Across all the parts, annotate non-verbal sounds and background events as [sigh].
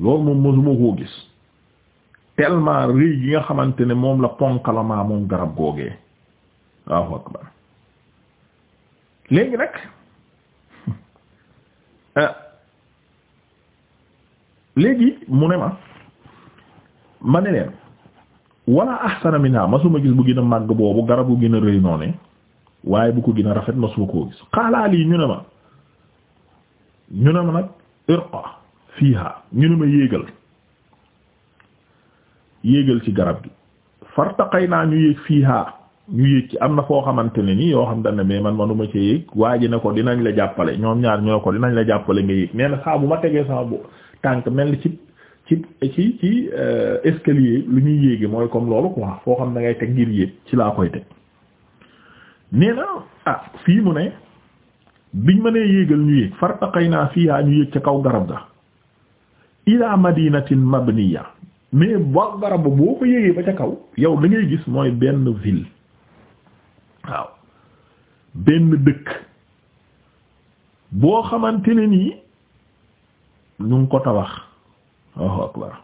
loolu moom mosuma koo gis tellement rëy gi nga xamante ne moom la ponkalamaa moom garab googee waaw akbar léegi nag [laughs] ah, léegi mu ne ma ma ne leen wala ahsana minha masuma gis bu gën a màgg boobu garab bu gën a rëy noonu waaye bu ko gën a rafet masuma koo gis xaalaal yi ñu ne ma ñu ne ma nag fiiha ñu ne ma yéegal yéegal ci garab gi fartaqay naa ñu yéeg fiiha ñu yéeg ci am na foo xamante ni nii yoo xam ne mais man manuma ci yéeg waa ji ne ko dinañ la jàppale ñoom ñaar ñoo ko dinañ la jàppale nga yéeg nee na saa ma tegee saa bu tànk mel ni ci ci ci ci euh, escalier lu ñuy yéegi mooy comme loolu quoi foo xam ne teg ngir yéeg ci laa koy teg nee na ah, fii mu ne biñ ma nee yéegal ñu yéeg fartaqay naa fiiha ñu yéeg ca kaw garab ga ila madinatin mabniya mais ba garab boo ko yéegee ba ca kaw yow dangay gis mooy benn ville waaw benn dëkk boo xamante ne nii ñu ngi ko tabax waaw akbar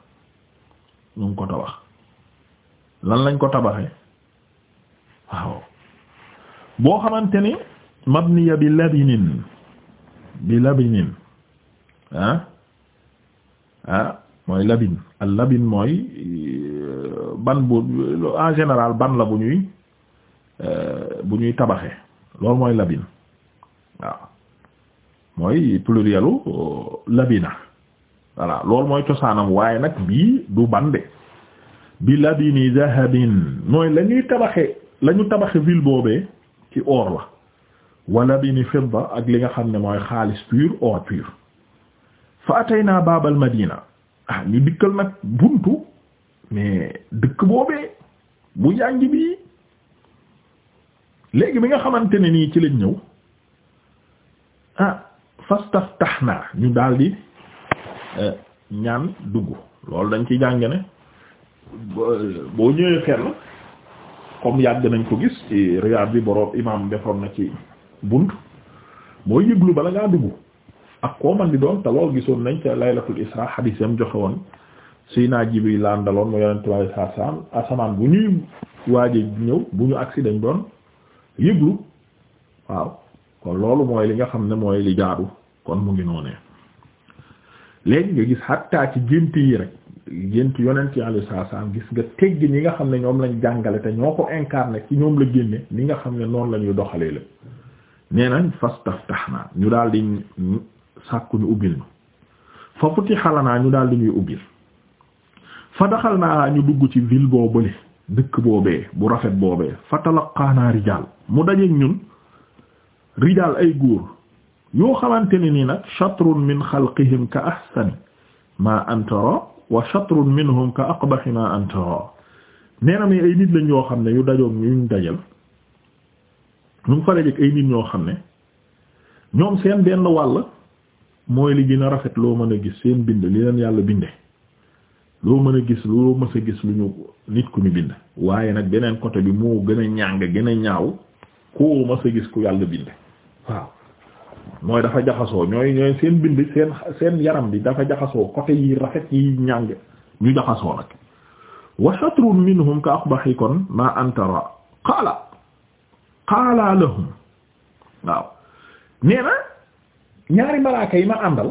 ñu ngi ko tabax lan lañ ko tabaxee waaw boo xamante ni mabniya bi labinin bi labinin ah ah mooy labin al labin mooy euh, ban bu en général ban la bu ñuy euh, bu ñuy tabaxee loolu mooy labin waaw mooy plurielu euh, labina voilà loolu mooy cosaanam waaye nag bii du bande bi labini dahabin mooy la ñuy tabaxee la ñu tabaxe ville boobee ci or la wa labini fidda ak li nga xam ne mooy xaalis pur or pur fa ataynaa baabal madina ah ñu dikkal nag buntu mais dëkk boobee bu yànj bi léegi bi nga xamante ne nii ci lañ ñëw ah naa ñu daldi eh, ñaan dugg loolu dañ ci jàng ne boo ñëwee fenn comme yàgg nañ ko gis ci Riyad bi boroom imaam defoon na ci bunt mooy yëglu bala ngaa dugg ak koo man di doon te lool gisoon nañ ca laylatul isra hadis yam joxe woon suy naa jibi laan daloon mu yonent bi alayhi salaatu asamaan bu ñuy waaje ñëw bu ñu agsi dañ doon yëglu waaw kon loolu mooy li nga xam ne mooy li jaaru kon mu ngi noonee léegi nga gis xattaa ci gént yi rek gént yonent yi alayhi gis nga tegg ñi nga xam ne ñoom lañ jàngale te ñoo ko incarné ci ñoom la génne ni nga xam ne noonu lañuy doxalee la nee nañ fastaftahna ñu daal sàkku ñu ubbil ma fa futiha lanaa ñu daal di ñuy ubbil fa daxal naa ñu dugg ci ville boobale dëkk boobee bu rafet boobee fa talaqaanaa rijaal mu dajeek ñun rijaal ay góor yoo xamante ni nii nag chatrun min xalqihim ka ahsani ma antara wa chatrun minhum ka aqbahi ma antara nee mi ay nit lañ yoo xam ne yu dajoom ñuñ dajal ñu ngi fa dajeek ay nit ñoo xam ne ñoom seen benn wàll mooy li gën a rafet loo mën a gis seen bind li leen yàlla binde loo mën a gis loo mës a gis lu ñu nit ku ñu bind waaye nag beneen côté bi moo gën a ñàng gën a ñaaw koo mës a gis ku yàlla bind waaw mooy dafa jaxasoo ñooy ñooy seen bind seen seen yaram bi dafa jaxasoo côté yi rafet yi ñàng ñu jaxasoo nag wa shatrun ka aqbahi kon ma antara qaala qaala lahum waaw nee na ñaari malaaka yi ma àndal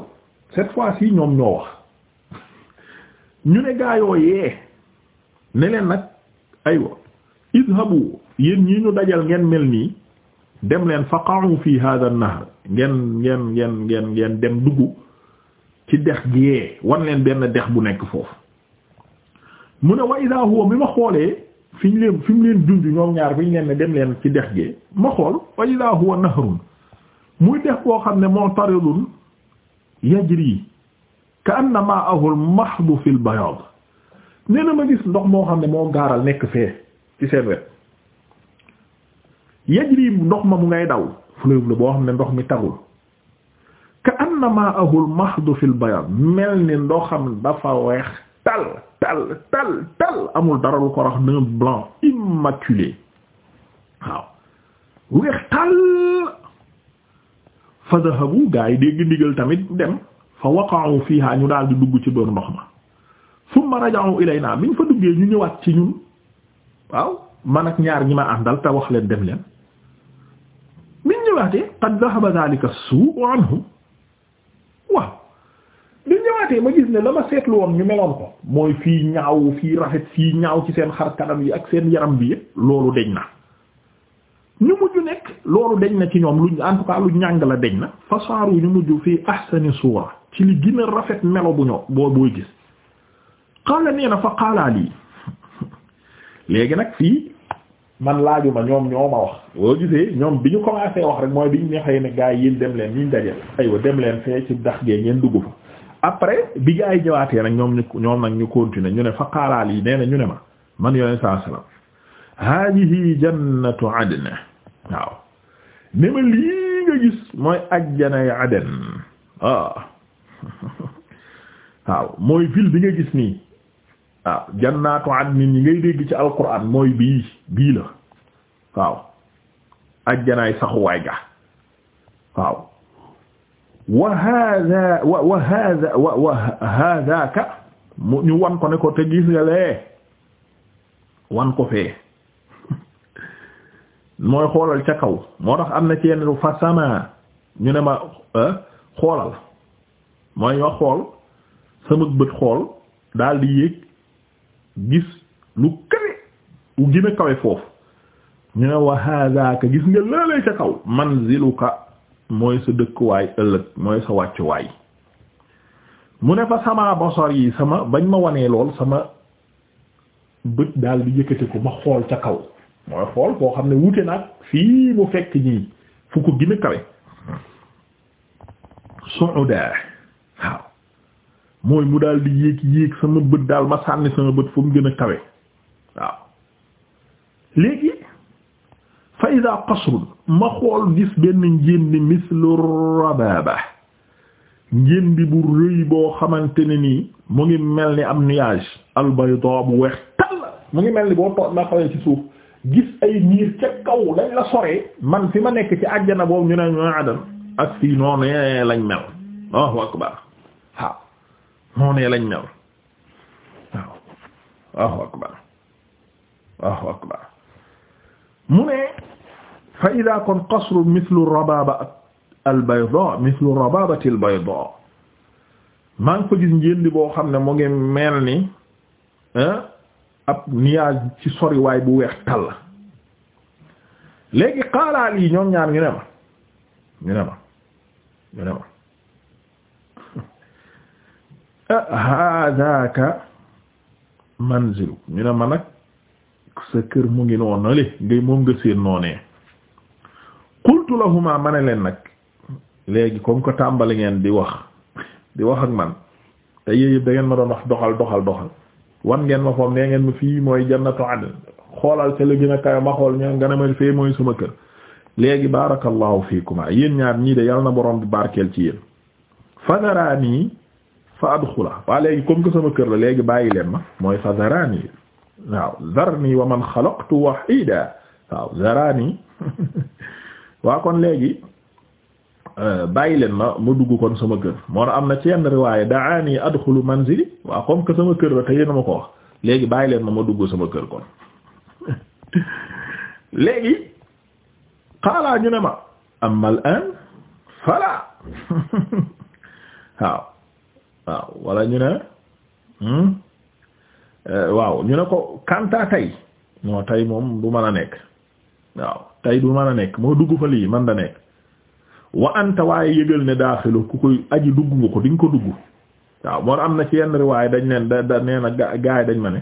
cette fois-ci ñoom ñoo wax ñu ne gaayoo yee ne leen nag aywa idhabu yéen ñii ñu dajal ngeen mel nii dem leen faqa'u fi hadha an-nahr ngeen ngeen ngeen ngeen dem dugg ci dex gi wan leen benn dex bu nekk foofu mu ne wa idha huwa bi ma xoolee fi ñu leen fi mu leen junj ñoom ñaar fi ñu leen ne dem leen ci dex gi ma xool wa idha huwa nahrun muy def boo xam ne moo tarelul yajri ka anna ma'ahu al-mahdhu fil bayaad nee na ma gis ndox moo xam ne moo gaaral nekk fee ci seen wet yajri ndox ma mu ngay daw fleuve la boo xam ne ndox mi tagul ka na ma'ahu al-mahdhu fil bayaad mel ni ndoxam dafa weex tal tal tal tal amul dara lu ko rax blanc immaculé waaw weex tal fa dhahabu gaa yi dégg ndigal tamit dem fa waqa'u fiha ñu daal di dugg ci doon ndox ma thumma raja'u ilayna biñ fa duggee ñu ñëwaat ci ñun waaw man ak ñaar ñi ma àndal te wax leen dem leen biñ ñëwaatee qad dhahaba dhalika su'u anhum waaw biñ ñëwaatee ma gis ne la seetlu woon ñu meloon ko mooy fii ñaaw fii rafet fii ñaaw ci seen xar kanam yi ak seen yaram bi yëpp loolu deñ na ñu mujj nekk loolu deñ na ci ñoom lu en tout lu ñàng la deñ na fasaaru ñu mujj fii ahsani suura ci li gën rafet melo bu ñoo boo booy gis xaala nee na fa xaalaa lii léegi nag fii man laajuma ñoom ñoo ma wax boo gisee ñoom bi ñu commencé wax rek mooy bi ñu ne gaa yi dem leen ñu dajeel aywa dem leen fee ci dax gee ngeen dugg fa après bi gaa yi ñëwaatee nag ñoom ñu ñoom nag ñu continuer ñu ne fa xaalaa lii nee na ñu ne ma man yoneen saa salaam hadihi jannatu waaw ne ma lii nga gis mooy ajjanay aden waaw ah. [laughs] waaw mooy ville bi nga gis nii waaw ah, jannaatu adnin yi ngay dégg ci alquran mooy bii bii la waaw ajjanaay saxuwaay ga waaw wa hada wa wa hada wa wa hadaka mu ñu wan ko ne ko te gis nga lee wan ko fee mooy xoolal ca kaw moo tax am na ci yenn fa sama ñu ne ma euh, xoolal mooy ma xool sama bët xool daal di yéeg gis lu kawe u gën kawe foofu ñu ne wa hadaka gis nga lële ca kaw manziluka mooy sa dëkkuwaay ëllëg mooy sa wàccuwaay mu ne fa sama basar yi sama bañ ma wanee lool sama bët daal di yëkkati ko ma xool ca kaw mooy xool koo xam ne wute nag fii mu fekk ñii fu ko gën kawe suuda mu daal di bët daal ma sànni sama bët fu mu gën a kawe waaw léegi fa ida qasrun ma xool gis benn njéndi mislu rababa njéndi bu rëy boo xamante ne nii mu ngi mel ni am nuage albayda bu weex tall mu ngi mel ni boo toog na xawee ci suuf gis ay niir ca kaw lañ man fi ma nekk ci àjjana boobu ñu ne ñooy adam ak fii noonee lañ mel Allahu akbar waaw fa ida kon qasru rababa al bayda mithlu rababati maa ngi fa gis boo xam ne moo ngi mel ni ah ab nuage ci soriwaay bu weex tàll léegi xaalaal yi ñoom ñaar ñu ne ma ñu ne ma ñu ne ma [laughs] ah, hadaka manzilu ñu ne ma nag sa kër mu ngi noon na lé ngay moom nga seen noonee qultu lahuma ma ne leen nag léegi comme que tàmbali ngeen di wax di wax ak man te yéen yëpp da ma doon wax doxal doxal doxal wan ngeen ma foofu nee ngeen ma fii mooy jannatu adn xoolal ca la gën a kayo ma xool ñoom nga ne ma fee mooy sama kër léegi barakallahu fiikuma yéen ñaar ñii de yal na boroom bi barkeel ci yéen fadaraani fa adxula waa léegi comme que sama kër la léegi bàyyi leen ma mooy fadaraani waaw zarni wa man xalaqtu waxiida waaw zaraani [laughs] waa kon léegi Euh, bàyyi leen ma ma dugg kon sama kër moo na am na ci yenn riwaaye daani adxulu manzili waa comme que sama kër la te yéena ma ko wax léegi bàyyi leen ma ma dugg sama kër kon [laughs] léegi xaalaa ñu ne ma am mal an fala [laughs] waaw waaw wala ñu ne hmm? euh, waaw ñu ne ko kanta tey non tey moom du mën a nekk waaw tey du mën a nekk moo dugg fa lii man da nekk wa anta waaye yëgal ne daaxilu ku koy aji dugg nga ko di nga ko dugg waaw moo am na ci yenn riwaay dañ neen da da nee na gaay dañ ma ne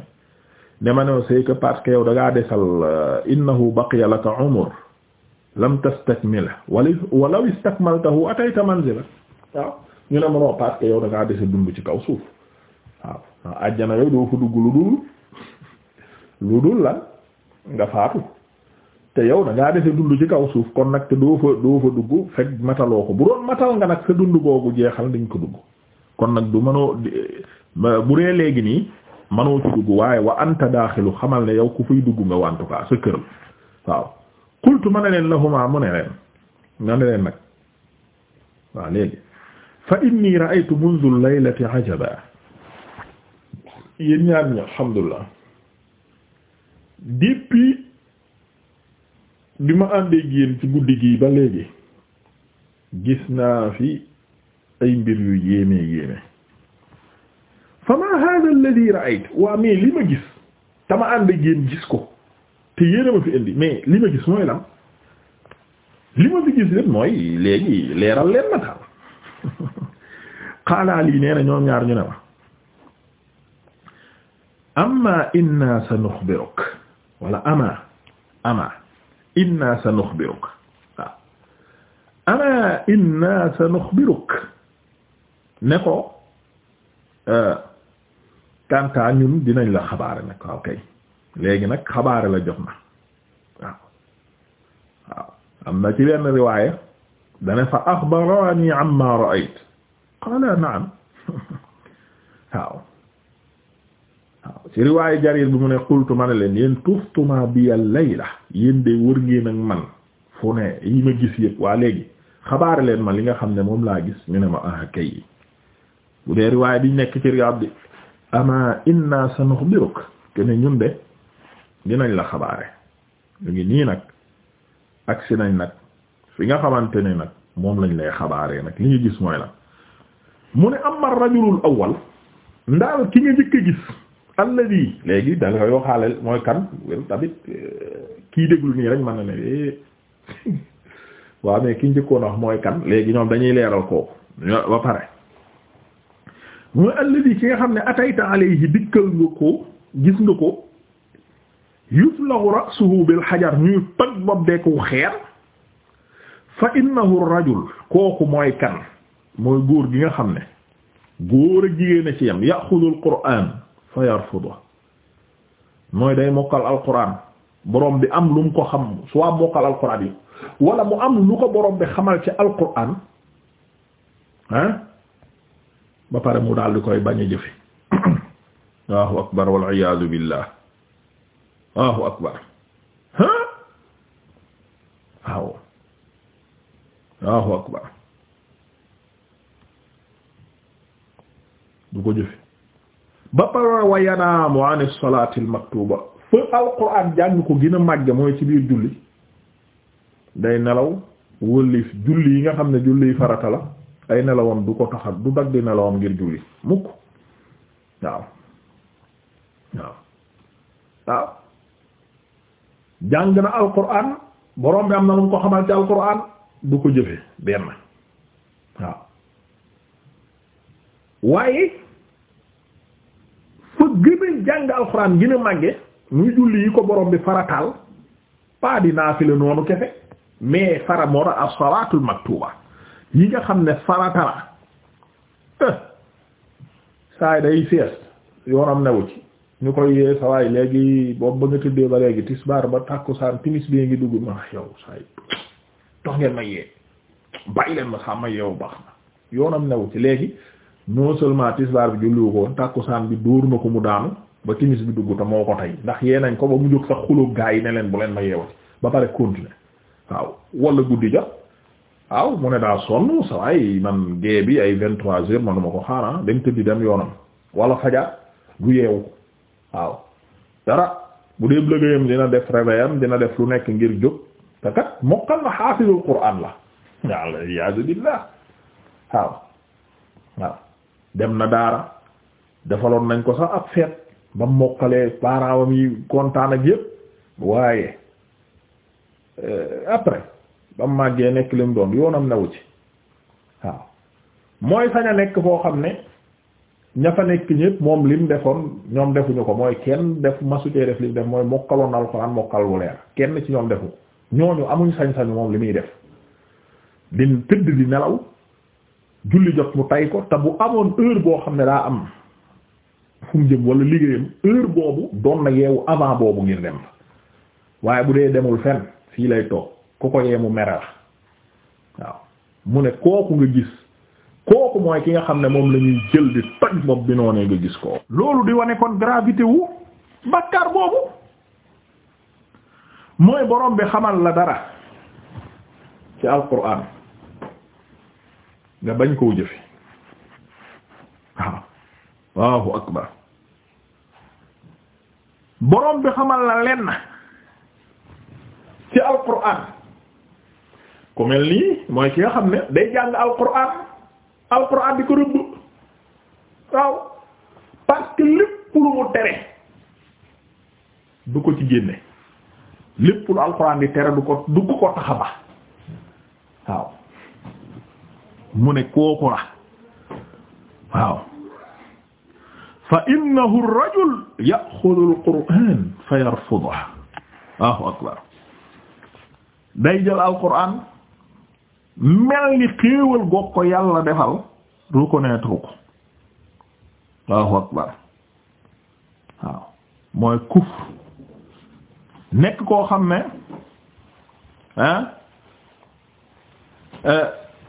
ne ma ne c'est que parce que yow da ngaa desal euh, innahu baqiya laka umur lam tastakmila wala walaw istakmaltahu atayta manzila waaw ñu ne mënoo parce que yow da ngaa dese dund ci kaw suuf waaw ajjana yow doo fa dugg lu dul lu dul lan nga faatu yow da ngaa dese dund ci kaw suuf kon nag te doo fa doo fa dugg fekk mataloo ko bu doon matal nga nag sa dund googu jeexal dañ ko dugg kon nag du mënoo bu dee léegi nii mënoo ci dugg waaye wa anta daaxilu xamal ne yow ku fiy dugg nga wa en tout cas sa kër waaw qultu ma ne leen lahuma mu ne leen nga ne leen nag waaw léegi fa inni ra'aytu منذ الليلة عجبا yéen ñaar ñi alhamdulillah depuis bi ma àndee yéen ci guddi gi ba léegi gis naa fi ay mbir yu yéeme yéeme fa ma hadha alladhi ra'ayt waa mais li ma gis te ma ànd yéen gis ko te yéena ma fi indi mais li ma gis mooy lan li ma fi gis lépp mooy léegi leeral leen ma taal xaalaal [laughs] yi nee na ñoom ñaar ñu ne ma amma inna sanukhbiruk wala ama ama inna sa nuxbiruk waaw ana inna sa nuxbiruk ne ko euh, kanta ñun dinañ la xabaare nag waaw kay léegi nag xabaare la jox na waaw waaw am na ci benn riwaaya dana fa axbarani amma ra'ayt qala na'am [laughs] waaw waaw ci riwaayu jarir bi mu ne xultu ma ne leen yéen tuftuma bi al layla yéen de wër ngeen ak man fu ne yi ma gis yëpp waa léegi xabaare leen ma li nga xam ne moom laa gis ñu ne ma ah kay yi bu dee riwaay biñ nekk ci riwaab bi ama inna sanukhbiruk te ne ñun de dinañ la xabaare ñu ngi nii nag agsi nañ nag fi nga xamante ne nag moom lañ lay xabaaree nag li ñu gis mooy la mu ne amma rajulul awwal ndaal ki nga njëkk a gis alladi léegi da nga koy waxaaleel mooy kan tamit euh, kii déglu nii rek mën na ne eh. [laughs] waaw mais ki njëkkoon wax mooy kan léegi ñoom dañuy leeral kooku ba pare mooy alladi ki nga xam ne atayta alayhi dikkal nga ko gis nga ko yuflahu ra'suhu bil xajar ñuy toj bopp beeku xeer fa innahu rajul kooku mooy kan mooy góor gi nga xam ne góor a jigéen a ci yam yaxudul qur'an fa yarfudu mooy day mokkal alquran borom bi am lu mu ko xam soit mokkal alquran yi wala mu am lu ko borom bi xamal ci alquran ah ba pare mu daal di koy bañ a jëfe [coughs] allahu akbar wal iyaadu billah allahu akbar ah waaw allahu akbar du ko jëfe ba pare wa yanaamu an as-salaati al-maktuba jàng ko gën a màgg mooy ci biir julli day nelaw wëlif julli yi nga xam ne julli farata la ay nelawam du ko taxat du dagg nelawam ngir julli mukk waaw waaw jàng na alquran borom bi am na lu mu ko xamal ci alquran du ko jëfe benn waaw waaye gën a jàng alxuraan gën a màgge muy julli yi ko borom bi farataal pas di naafila noonu kefe mais fara moo yi nga xam ne farata la eh, saay day fees yoonam newu ci ñu koy yee sawaay léegi boobu ba nga tëddee ba léegi tisbaar ba tàkkusaan timis bee ngi dugg ma yow saay dox ngeen ma yee bàyyi leen ma sax ma yeewu baax na yoonam newu ci léegi non seulement tisbaar bi julliwu ko woon tàkkusaan bi dóor na ko mu daanu ba timis bi dugg te moo ko tey ndax yee nañ ko ba mu jóg sax xulóog gaa yi ne leen bu leen ma yeewati ba pare continuer waaw wala guddi jot waaw mu ne daa sonn sa waay man gée bi ay vingt trois heures manuma ko xaara ah, dem tëddi dem yoonam wala fajar du yeewu waaw dara bu dee liggéeyam dina def réveillam dina def lu nekk ngir jóg te mokkal na xaafizul quraan la yàlla [laughs] iyaazu waaw waaw dem na daara defaloon nañ ko sax ab feet ba mokkalee parents yi kontaan ak yëpp waaye euh, après ba mu màggee nekk li mu doon yoonam newu ci waaw mooy sañ a nekk foo xam ne ña fa nekk ñëpp moom lim defoon ñoom defuñu ko mooy kenn def masutee def lim def mooy mokkaloon alxuraan mokkal wu leer kenn ci ñoom defu ñooñu amuñ sañ-sañu moom li muy def di tëdd di nelaw julli jot mu tay ko te bu amoon heure boo xam ne daa am fu mu jëm wala liggéeyam heure boobu doon na yeewu avant boobu ngir dem waaye bu dee demul fenn fii lay toog ku ko yee mu mere la waaw mu ne kooku nga gis kooku mooy ki nga xam ne moom lañuy jël di toj bopp bi noonee nga gis ko loolu di wane kon gravité wu bàkkaar boobu mooy borom bi xamal la dara ci alquran nga bañ koo jëfe waaw Allahu akbar borom bi xamal na lenn ci alquran ku mel nii mooy ki nga xam ne day jàng alquran alquran di ko rëbb waaw parce que lu mu tere du ko ci génne lépp lu alquran di tere du ko du ko tax a ba waaw mu ne kooku la waaw fa innahu ar-rajul ya'khudhu al-qur'an fa yarfudhuhu Allahu akbar day jël al-qur'an mel ni xéewal gog ko yàlla defal reconnaître ko Allahu akbar waaw mooy kufr nekk koo xam ne ah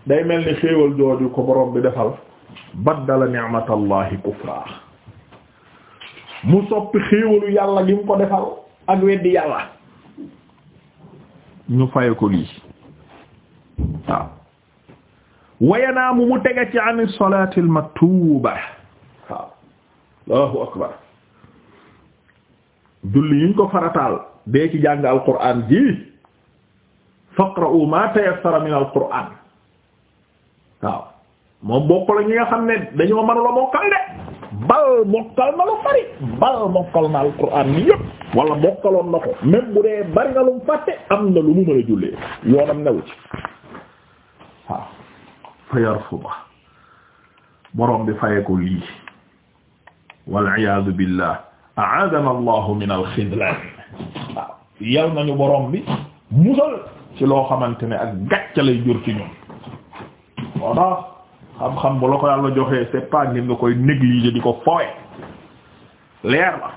day mel ni xéewal jooju ko borom bi defal baddala ni'matallahi kufra mu soppi xéewalu yàlla gi ko defal ak weddi yàlla ñu faye ko lii waaw wayanaamu mu tega ci an solati al maktuba waaw allahu akbar julli yiñ ko farataal dee ci jàng al qur'an ji faqra'u ma tayassara min al qur'an waaw moom bokkul la ñi nga xam ne dañoo manu la mokkal de bal mokkal na lu bari bal mokkal na alquran ni yëpp wala mokkaloon na ko même bu bari nga lu mu fàtte am na lu mu mën a jullee yoonam newu ci waaw fa yarfuba bi faye ko lii waliyasu billah aadana allahu min alxidlan waaw yal nañu boroom bi musal ci loo xamante ne ak gàcca lay jur ci ñun moo tax xam-xam bu la ko yàlla joxee c'est ngir nga koy négliger di ko fowe leer la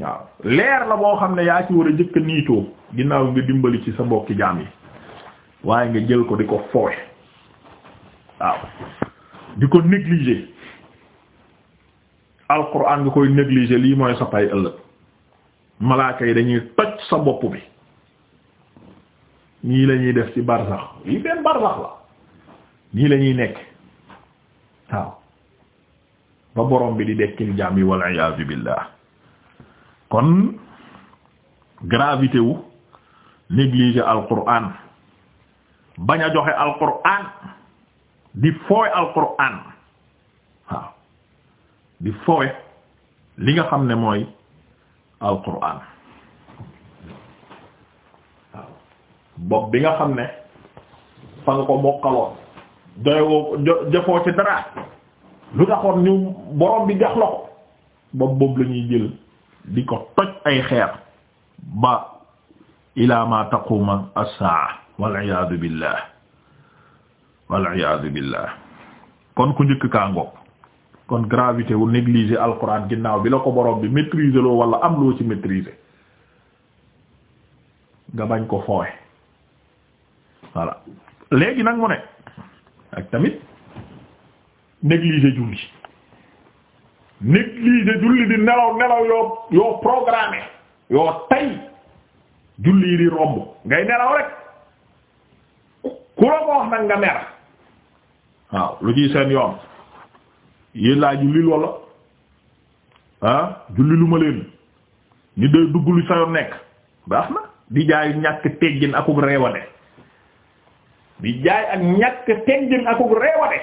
waaw leer la boo xam ne yaa ci war a jëkk niitoo ginnaaw nga dimbali ci sa mbokki jaam yi waaye nga jël ko di ko fowe waaw di ko négliger alquran nga koy négliger lii mooy sa pay ëllëg malaaka yi dañuy toj sa bopp bi ñii lañuy def ci barsax lii benn barsax la nii lañuy nekk waaw ba borom bi di dekkil jaam yi wal iyaazu kon gravité wu négliger alquran bañ a joxe alquran di foowe alquran waaw di foowe li nga xam ne mooy alquran waaw bopp bi nga xam ne fa nga ko mokkaloon doyoo jafoo ci dara lu taxoon ñu borom bi jox la ko boobu boobu la jël di ko toj ay xeer ba ila ma taquma as-saa wal iyaadu billah wal iyaadu billah kon ku njëkk kaango kon gravité wu négliger alquran ginnaaw bi la ko borom bi maîtriser loo wala am loo ci maîtriser nga bañ ko foowe voilà léegi nag mu ne ak tamit négliger julli négliger julli di nelaw nelaw yoo yoo programmé yoo tay julli yi di robb ngay nelaw rek ku la wax nag nga mer waaw lu ciy seen yoon yéen laa julli walla ah julli lu ma leen ñu dee dugg lu sa yoon nekk baax na di jaay ñàkk teggin akub reewane bi jaay ak ñàkk teggin akuk reewate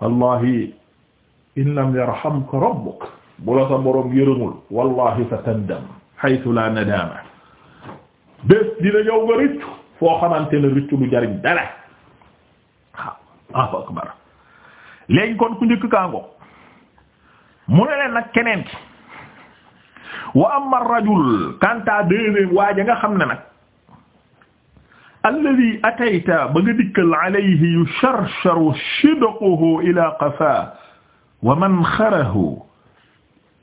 wallahi in lam yarhamka rabbuk bu la sa borom yërëmul wallahi sa tandam haythu la nadama bés foo xamante ne rëccu du jariñ dara waaw akbar léegi kon ku njëkk kaango mu ne leen nag wa amma ar-rajul kanta deuxième waaja nga xam ne nag alladi atayta ba nga dikkal alayhi yusharsharu shidquhu ila qafaa wa manxarahu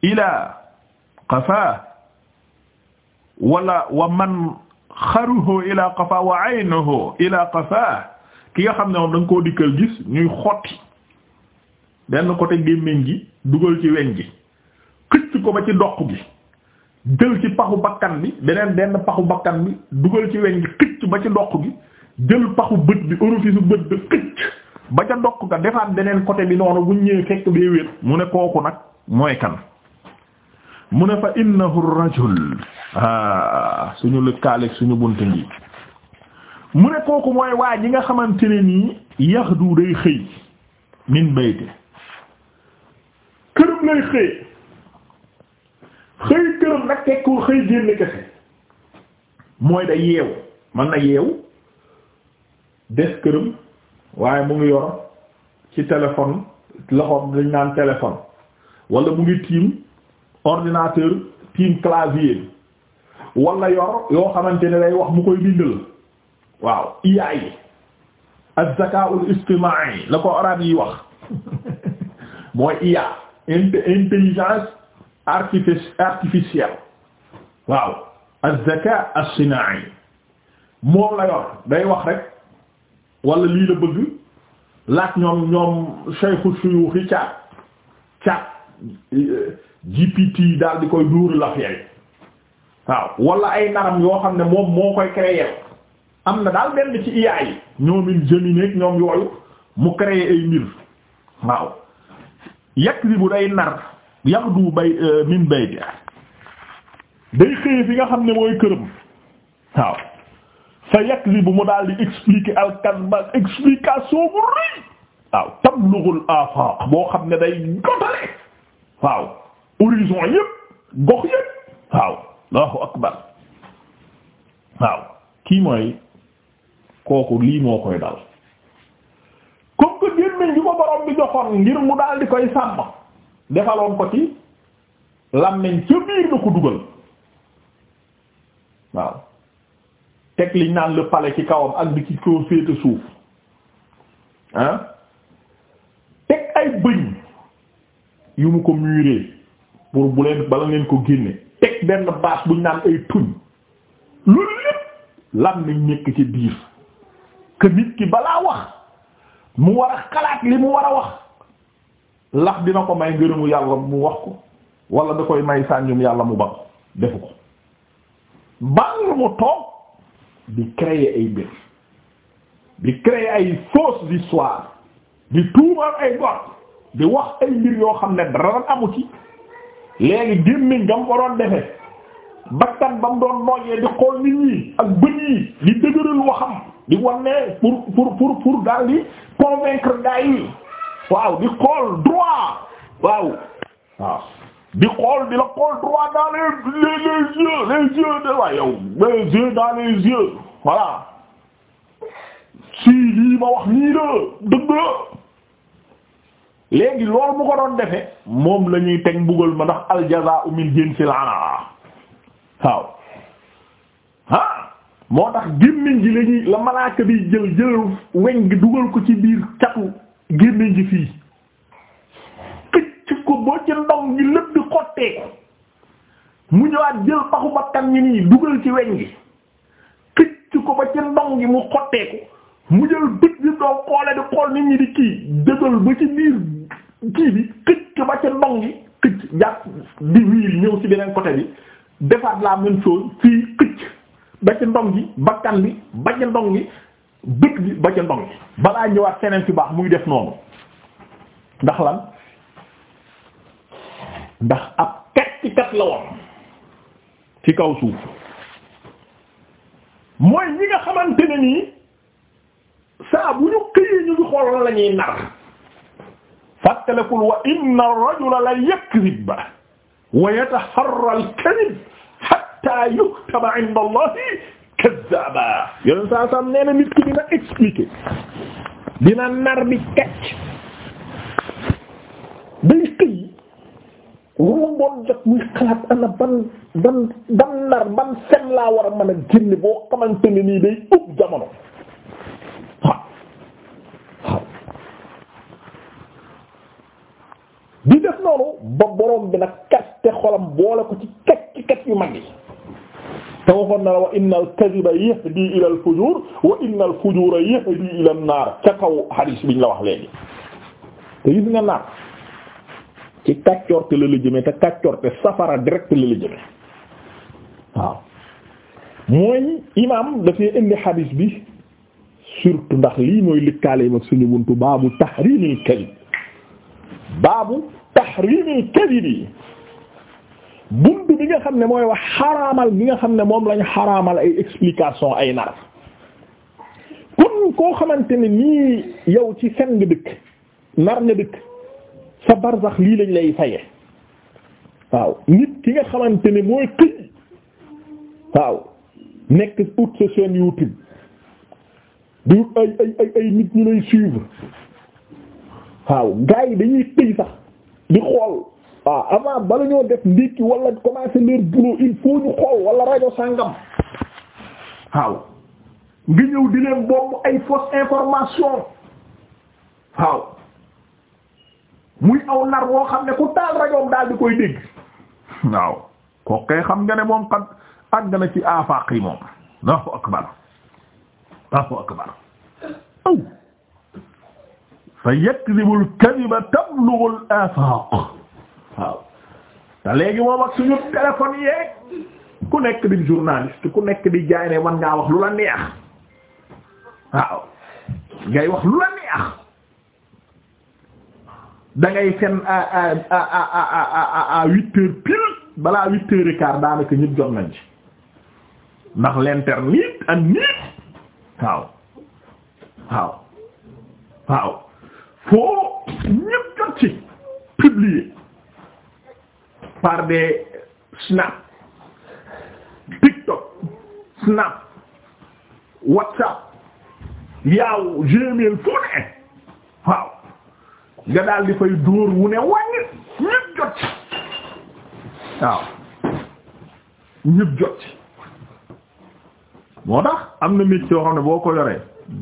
ila qafaa wala wa manxaruhu ila qafaa wa aynuhu ila qafaa ki nga xam ne moom da nga koo dikkal gis ñuy xotti benn côté gémmiñ gi dugal ci weñ gi xëcc ko ba ci doq gi jël ci paxu bakkan bi beneen benn paxu bakkan bi dugal ci weñ gi xëcc ba ci doq gi jël paxu bët bi orifice bët bi xëcc ba ca doq ga defaat beneen côté bi noonu bu ñëwee fekk bee wéet mu ne kooku nag mooy kan mu ne fa innahu rajul ah suñu lëkkaaleeg suñu bunt ngi mu ne kooku mooy waa ji nga xamante ne nii yaxdu day xëy min bayte këram lay xëy xëy këram nag tekkul xëy génne kese mooy da yeewu man na yeewu des këram waaye mu ngi yor ci téléphone loxoom dañ naan téléphone walla mu ngi tiim ordinateur tiim clavier wala yor yoo xamante ne lay wax mu koy bindal waaw iyaay yi ak zakaul istima'i la ko arab yi wax [laughs] mooy iya inte intelligence artifice artificiel waaw az-zaka as-sina'i moom la yor day wax rek wala lii la bëgg laaj ñoom ñoom shaykhu shuyukhi chat chat GPT daal di koy duuru la fiyay waaw wala ay naram yoo xam ne moom moo koy créer am na daal benn ci IA yi ñoomin ñoom yooyu mu créer ay mbir waaw bu day nar yaqdu bay euh, min bayte day xëye fi nga xam ne mooy këram waaw fa yakzibu mu daal di expliquer al kasba explication bu rëy waaw tablughul afaq boo xam ne day gotale waaw horizon yëpp gox yëpp waaw allahu akbar waaw kii mooy kooku lii moo koy dal comme que gémmiñ bi ko borom bi joxoon ngir mu daal di koy sàmm defaloon ko ci làmmiñ ca biir na ko dugal waaw teg liñ naan le palais ci kawam ak di ci ko féete suuf ah teg ay bëñ yu mu ko muuree pour bu leen bala ngeen ko génne teg benn bâche buñ naan ay tuñ loolu lépp làmmiñ nekk ci biir que ki balaa wax mu war a xalaat li mu war a wax lax dina ko may ngërëmu yàlla mu wax ko wala da koy may sànjum yàlla mu ba defu ko bal mu toog di créer ay mbir di créer ay fausses histoires di tuumal ay bor di wax ay mbir yoo xam ne dara amu ci léegi gémmiñ gam ko doon defe bakkan ba mu doon nooyee di xool nit ñi ak bët yi di dëgëral waxam di wan pour pour pour pour daal di waaw di xool droit waaw waaw di xool di la xool droit dans les les les yeux les yeux waaye yow les yeux dans les voilà si lii ma wax nii la dëgg loolu mu ko doon defe moom la ñuy teg mbugal ma ndax aljazaa'u min jinsil amal waaw ah moo tax gémmiñ gi la la malaaka bi jël jël weñ gi dugal ko ci biir catu gémmiñ gi fii këcc ko boo ci ndong gi lépp di xottee mu ñëwaat jël paxu bakkan gi nii dugal ci weñ gi këcc ko ba ci ndong gi mu xottee ko mu jël bët bi doo xoole di xool nit ñi di kii dëgal ba ci biir kii bi këcc ba ci ndong gi këcc jàpp di wiir ñëw ci beneen côté bi defaat la même chose fii këcc ba ci ndong gi bakkan bi ba ci ndong gi dëkk ba ca ndong balaa ñëwaat keneen fi baax muy def noonu ndax lan ndax ab kat ci kat la woon ci kaw suuf mooy ñi nga xamante ne nii saa bu ñu xëyee ñu ngi xool la ñuy nar fàttalekul wa inna ar-rajula la yakdhib wa al-kadhib hatta yuktaba 'inda Allah kazzaba yeneen saa saam nee na nit ki dina expliquer dina nar bi kacc day xëy wala ngoon jot muy xalaat ana ban ban ban nar ban fen laa war a mën a génne boo xamante nii day ëpp jamono di def noonu ba borom bi nag kaste xolam boole ko ci kacc ci yu mag yi te waxoon na la wa inna al-kadhiba yahdi ila al-fujur wa inna al-fujura yahdi ila kaw hadis biñ la wax léegi te gis nga naar ci kàccorte la la jëme te kàccorte safara direct la la jëme imam dafay indi hadis bi surtout ndax lii mooy lëkkaale mag suñu buntu baabu tahrimil kadhib baabu tahrimil kadhib bunt bi nga xam ne mooy wax xaraamal bi nga xam ne moom lañu xaraamal ay explication ay nar kon koo xamante ne nii yow ci fen nga dëkk nar nga dëkk sa barzax lii lañ lay faye waaw nit ki nga xamante ne mooy xëy waaw nekk ut sa chaîne YouTube du ay ay ay nit ñu lay suivre waaw gars dañuy xëy sax di xool ah avant bala ñoo def ndékki wala commencer leur il faut ñu xool wala rajo sàngam waaw nga ñëw di leen bomb ay fausse information waaw muy aw nar woo xam ne ku taal rajoom daal di koy dégg waaw ko xam nga ne moom xat àgg na ci afaq yi moom Allahu akbar Allahu akbar aw fa yakdhibu al-kadhiba tablughu al te léegi moom ak suñu téléphone yeeg ku nekk di journaliste ku nekk di jaay ne man ngaa wax lu la neex waaw ngay wax lu la neex da ngay fen à à à à à huit heures balaa huit heures et daanaka ñëpp jot nañ ci ndax l'internet ak nit waaw waaw waaw foo ñëpp jot ci publier. par des snap tiktok snap whatsapp yaaw gmail fu ne waaw nga daal di fay dóor wu ne wàññi ñëpp jot ci waaw jot moo tax am na métier yoo xam ne boo ko yoree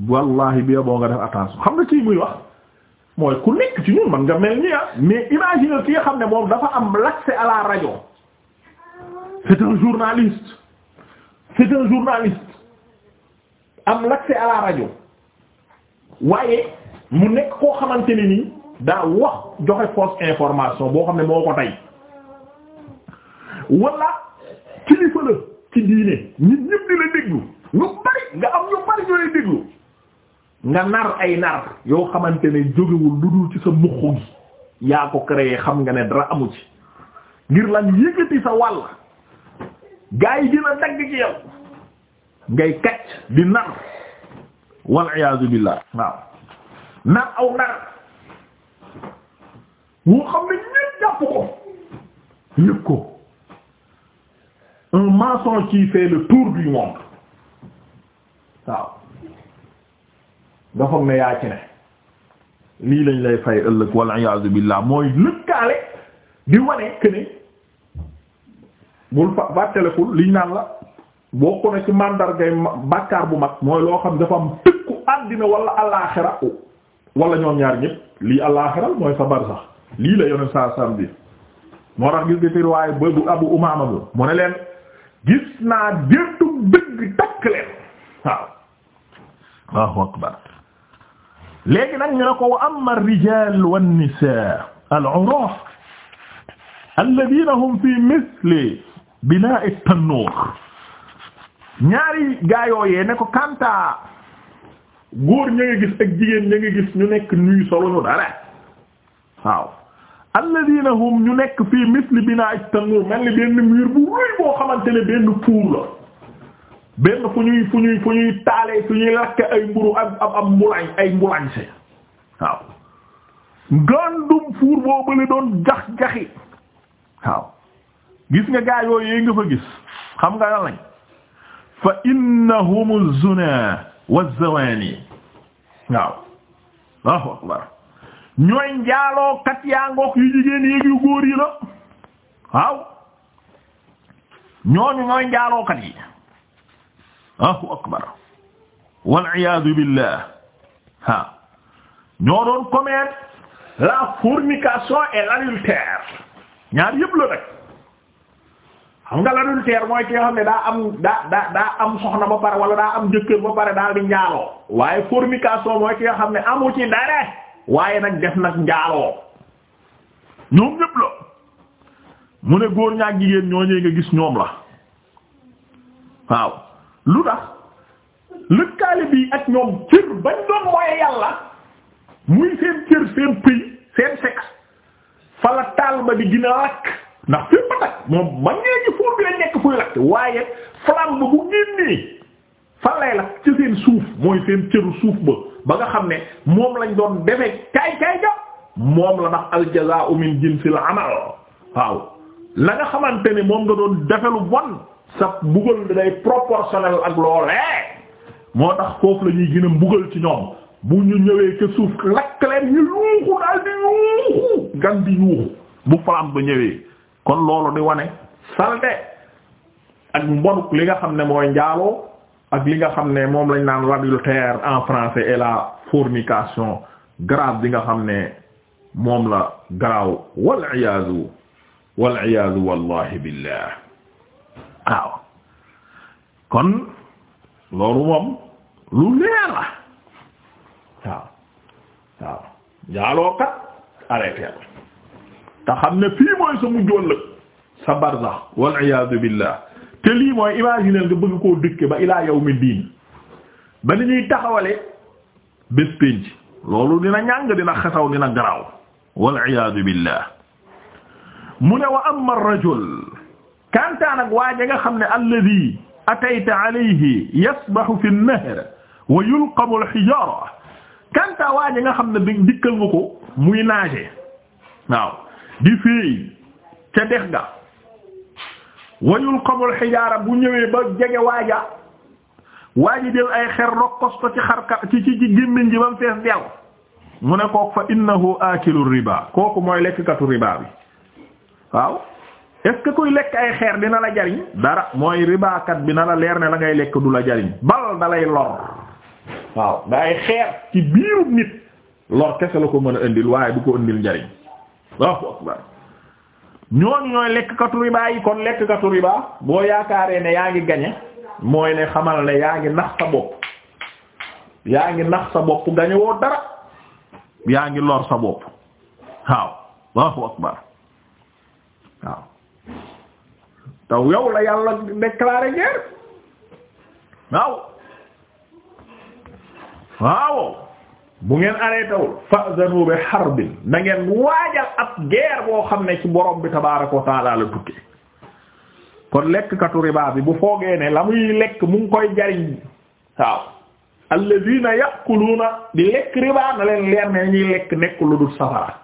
wallahi bi boo nga def attention xam nga kii muy wax mooy ku nekk ci ñun man nga mel ni ah mais imagine ki nga xam ne moom dafa am l'accès à la radio c'est un journaliste c'est un journaliste am l'accès à la radio waaye mu nekk koo xamante ne nii daa wax joxe fausse information boo xam ne moo ko tey wala kilifa la ci diine nit ñëpp di la déglu ñu bari nga am ñu bari ñu lay déglu. nga nar ay nar yoo xamante ne jógewul lu dul ci sa muxu gi yaa ko créé xam nga ne dara amu ci ngir lan yëkkati sa wàll gaa yi dina dagg gi yow ngay kacc di nar wal iyaazu billaah waaw nar aw nar woo xam ne ñépp jàpp ko yëg ko un mensonge qui fait le tour du monde waaw nga foog ne yaa ci ne lii lañ lay fay ëllëg wal iyaazu billaah mooy lëkkaale di wane que bul fa fàttalekul liñ naan la bokk na ci màndargay bàkkaar bu mag mooy loo xam dafa am tëkku àddina wala alaaxira wala ñoom ñaar ñëpp lii alaaxira mooy sa barsax lii la yoneen saa saam moo tax gis nga ci riwaaya bu Abu Umaama mu ne leen gis naa déetu dëgg takk leen waaw waaw akbar léegi nag ñu ne ko wa amma ar-rijaal wan-nisaa al-uraaf alladhiina hum fi mithli binaa'i at-tannuur ñaari gaayooyee ne ko kanta góor ña nga gis ak jigéen ña nga gis ñu nekk nuy solo ñu dara waaw alladhiina hum ñu nekk fii mithli binaa'i at-tannuur mel ni benn mur bu rëy boo xamante ne benn puur benn fu ñuy fu ñuy fu ñuy taalee fu ñuy lakke ay mburu ak ab ab mbulañse waaw ngandum fuur boo bële doon jax-jaxi waaw gis nga gaa yooyu nga fa gis xam nga lan lañ fa innahum zuna wa zawani ñooy njaalookat yaa ngook yu jigéen yéeg yu góor yi la waaw ñooñu ñooy njaalookat yi Allahu akbar wal iyaadu billah ha ñoo doon commettre la fornication et l'adultère ñaar yëpp la nag xam nga l'adultère mooy ki nga xam ne daa am daa daa daa am soxna ba pare wala daa am jëkkër ba pare daal di njaaloo waaye fornication mooy ki nga xam ne amu ci dara waaye nag def nag njaaloo ñoom ñëpp mu ne góor ñaak jigéen ñoo ñëw nga gis ñoom la waaw. lu tax lëkkaale bi ak ñoom cër bañ doon mooy yàlla muy seen cër seen pëy seen sexe fa la ba di gën a ndax fépp a takk moom man ngeen ñi fóor nekk fuy lakk waaye flamme ba bu génnee fan lay seen suuf mooy seen cëru suuf ba ba nga xam ne moom lañ doon defee caay caay ga moom la ndax aljazaa'u min jinsil amal waaw la nga xamante ne moom nga doon defe lu bon sa mbugal day proportionnel ak loolee moo tax foofu la ñuy gën a mbugal ci ñoom bu ñu ñëwee ca suuf lakk leen ñu yuuxu daal di yuuxu gan yuuxu bu flamme ba ñëwee kon loolu di wane salte ak mbonuk li nga xam ne mooy njaaloo ak li nga xam ne moom lañ naan l'adultère en français et la fornication grave bi nga xam ne moom la garaaw wal iyaazu wal iyaazu wallahi billah waaw kon loolu moom lu leer la waaw waaw njaaloo kat arrêté te xam ne fii mooy sa mujjoon lëg sa barzax wal iyaadu billah te lii mooy imaginer nga bëgg koo dëkke ba ilaa yawmi diin ba ni ñuy taxawale bés pénc loolu dina ñàng dina xasaw dina garaaw wal iyaadu billah mu ne wa amma ar-rajul kantaan ak waaja nga xam ne alladi atayta alayhi yasbahu fi an-nahr wa yulqamu al-hijara kantaa waaja nga xam ne di dikkal nga ko muy naaje waaw di féey ca dex ga wa yulqamu al-hijara bu ñëwee ba jege waaja waaji del ay xer rokkos ko ci xarka ci ci gémmiñ ji ba mu fees del mu ne kook fa innahu akilu riba kooku mooy lekkatu riba bi waaw est-ce que lekk ay xeer dina la jariñ dara mooy ribaakat bi na la leer ne la ngay lekk du la jariñ bal da lay lor waaw nga ay xeer ci biirub nit lor kese la ko mën a indil waaye du ko indil njariñ Allahu akbar ñooñu ñooy ribaa yi kon lekkkatu ribaa boo yaakaaree ne yaa ngi gañe mooy ne xamal ne yaa ngi nax sa bopp yaa ngi nax sa bopp gañe woo dara yaa ngi lor sa bopp waaw waaw taw yow la yàlla déclaré guerre waaw waaw bu ngeen arrêté wul fa'zanu bi harbin na ngeen waajal ab guerre boo xam ne ci borom bi tabaaraka wa ta'aala la tukki kon lekkkatu riba bi bu foogee ne la muy lekk mu ngi koy jariñ waaw alladhiina ya'kuluuna di lekk riba na leen leer ne ñuy lekk nekk lu dul safara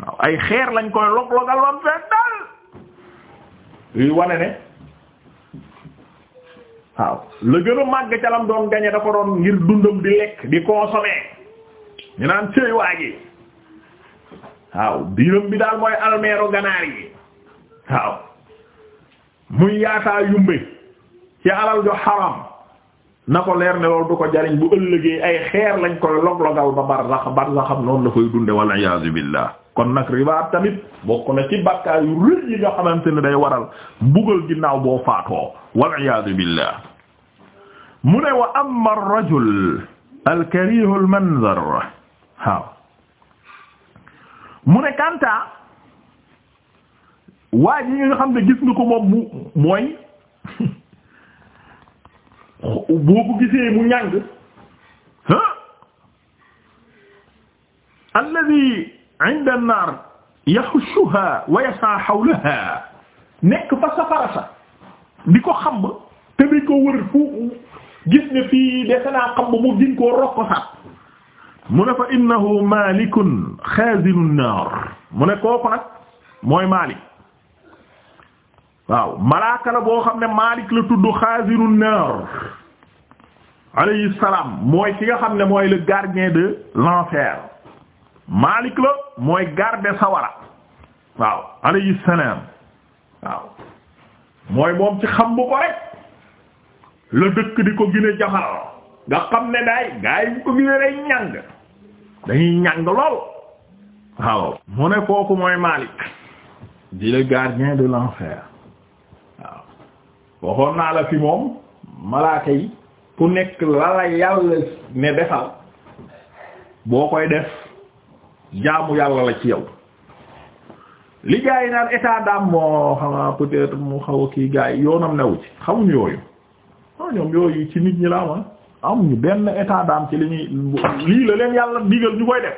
waaw ay xeer lañ koy log-logal bam fee dal yuy wane ne waaw la gën a màgg ca lam doon gañe dafa doon ngir dundam di lekk di consommer ñu naan sëy waa ji waaw diinam bi daal mooy almeeru ganaar yi waaw muy yaataa yumbe ci alal jo xaram na ko leer ne loolu du ko jariñ bu ëllëgee ay xeer lañ koy log-logal ba barzax barzaxam noonu la koy dunde wal iyaazu billah kon nag riba tamit bokk na ci bàkkaar yu rëy yi nga xamante ne day waral mbugal ginnaaw boo faatoo wal iyaadu billah mu ne wa amma ar-rajul al-karihu al-manzar mu ne kanta waa ji xam ne gis nga ko mooy [laughs] boo ko gisee mu ñàng ha alladhi inda an-naar yahushuha wa yasa hawlaha nekk fa safara sa di ko xamb te di ko wër fu gis ne fii dese naa xamb mu gin koo rokko sax mu ne fa innahu malikun xaazinu naar mu ne kooku nag mooy Maalik waaw malaaka la boo xam ne Maalik la tudd xaazinu naar alayhi salaam mooy ki nga xam ne mooy le gardien de l'enfer Malik la mooy garde sawara waaw alayhi salaam waaw mooy moom ci xam bu ko rek la dëkk di ko gën a nga xam ne daay gaa ko gën day ñàng dañuy ñàng lool waaw mu ne kooku mooy Malik di gardien de l'enfer waaw waxoon naa la fi moom malaaka yi nekk la la yàlla ne defal boo koy def jaamu yàlla la ci yow li gars yi naan état d'âme moo xamaa peut-être mu xaw kii gars yi yoonam newu ci xamuñu yooyu non ah ñoom yooyu ci nit ñi la am ah. amuñu benn état d'âme ci li ñuy lii la leen yàlla digal ñu koy def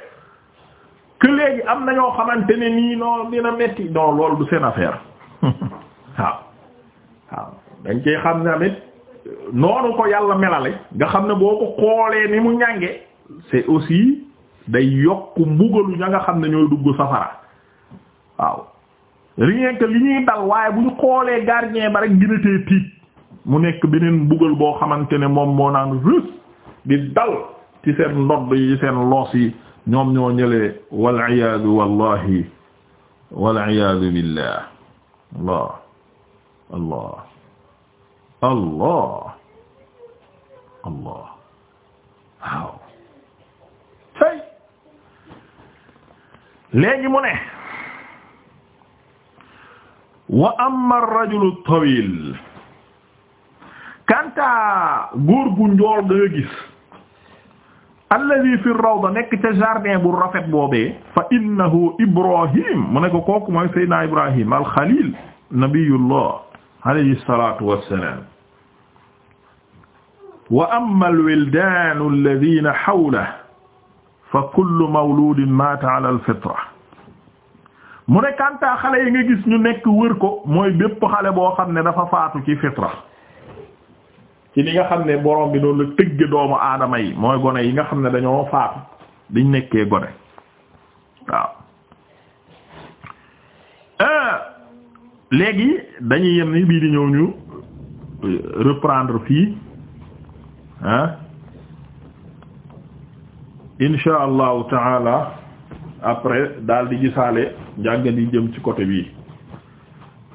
que léegi am na ñoo xamante ne nii non dina metti loolu du seen affaire [laughs] waaw waaw dañ cee noonu ko yàlla melale nga xam ne boo ko xoolee ni mu ñànge c'est aussi. day yokk mbugalu ña nga xam ne ñooy dugg safara waaw rien li ñuy dal waaye bu ñu xoolee gardien ba rek gina tiit mu nekk beneen mbugal boo xamante ne moom moo naan rus di dal ci seen ndodd yi seen loos yi ñoom ñoo ñëlee wal iyaadu wallahi wal iyaadu billah allah allah allah waaw léegi mu ne wa amma ar-rajulu at-tawil kanta góor gu njool da nga gis alladhi fi rawda nekk ca jardin bu rafet boobee fa innahu ibrahim mu ne ko kooku mooy sayyidina ibrahim al-khalil nabiyullah alayhi salatu wassalam wa amma al-wildan alladhina hawlahu fa kullu mawludin maata ala al fitra mu ne kanta xale yi nga gis ñu nekk wër ko mooy bépp xale boo xam ne dafa faatu ci fitra ci li nga xam ne borom bi noonu la tëgge doomu aadama yi mooy gone yi nga xam ne dañoo faatu diñ nekkee gone waaw euh, léegi dañuy yem ni bii di ñëw ñu reprendre fii insha allahu taala après daal di gisaale njànga di jëm ci côté bii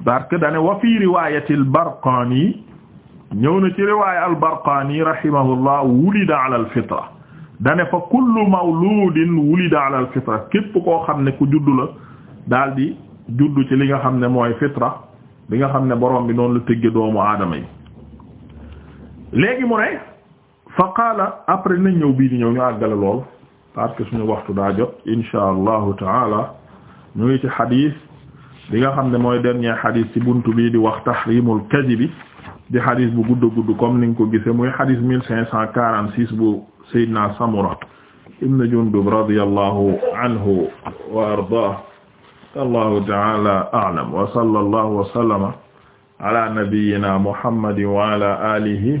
parce que dane wa fi riwayati al ñëw na ci riwaaya al-Barqani rahimahullah wulida ala al-fitra dane fa kullu mawludin wulida ala al képp koo xam ne ku juddu la daal di juddu ci li nga xam ne mooy fitra li nga xam ne borom bi noonu la tëgge doomu aadama yi léegi mu ne fa qaala après nañ ñëw bii di ñëw ñu àggale lool parce que suñu waxtu daa jot insha allahu taala ñu ngi ci xadis bi nga xam ne mooy dernier xadis ci buntu bii di wax tahrimul kadhibi di xadis bu gudd gudd comme niñ ko gisee muy xadis mille cinq cent quarante six bu Seydina Samura ibn Jundub radiyallahu anhu wa ardaah allahu taala a'lam wa sallallahu wa sallama ala nabiyyina Muhammadin wa ala alihi